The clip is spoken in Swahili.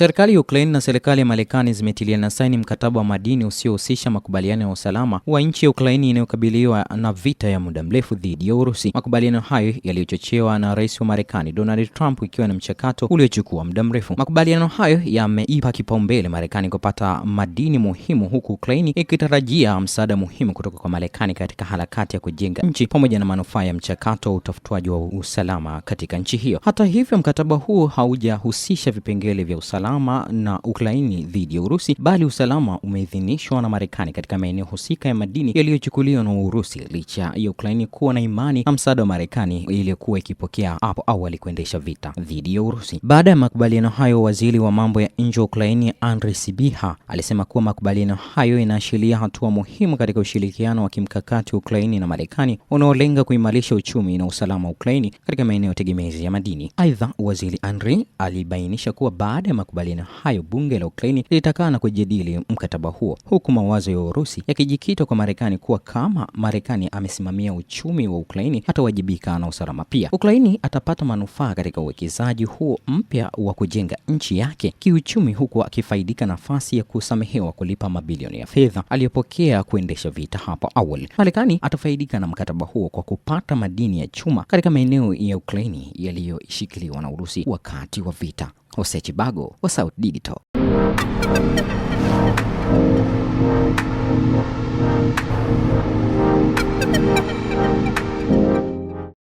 Serikali ya Ukraine na serikali ya Marekani zimetiliana saini mkataba wa madini usiohusisha makubaliano ya usalama wa nchi ya Ukraine inayokabiliwa na vita ya muda mrefu dhidi ya Urusi. Makubaliano hayo yaliyochochewa na rais wa Marekani Donald Trump, ikiwa na mchakato uliochukua muda mrefu. Makubaliano hayo yameipa kipaumbele Marekani kupata madini muhimu, huku Ukraine ikitarajia msaada muhimu kutoka kwa Marekani katika harakati ya kujenga nchi pamoja na manufaa ya mchakato wa utafutaji wa usalama katika nchi hiyo. Hata hivyo, mkataba huo haujahusisha vipengele vya usalama usalama na Ukraini dhidi ya Urusi, bali usalama umeidhinishwa na Marekani katika maeneo husika ya madini yaliyochukuliwa na Urusi, licha ya Ukraini kuwa na imani na msaada wa Marekani iliyokuwa ikipokea hapo awali kuendesha vita dhidi ya Urusi. Baada ya makubaliano hayo, waziri wa mambo ya nje wa Ukraini Andrei Sibiha alisema kuwa makubaliano hayo inaashiria hatua muhimu katika ushirikiano wa kimkakati wa Ukraini na Marekani unaolenga kuimarisha uchumi na usalama wa Ukraini katika maeneo tegemezi ya madini. Aidha, waziri Andrei alibainisha kuwa baada ya makubaliano makubaliano hayo, bunge la Ukraini lilitakana kujadili mkataba huo, huku mawazo ya Urusi yakijikita kwa Marekani kuwa kama Marekani amesimamia uchumi wa Ukraini atawajibika na usalama pia. Ukraini atapata manufaa katika uwekezaji huo mpya wa kujenga nchi yake kiuchumi, huku akifaidika nafasi ya kusamehewa kulipa mabilioni ya fedha aliyopokea kuendesha vita hapo awali. Marekani atafaidika na mkataba huo kwa kupata madini ya chuma katika maeneo ya Ukraini yaliyoshikiliwa na Urusi wakati wa vita. Hosea Chibago wa SAUT Digital.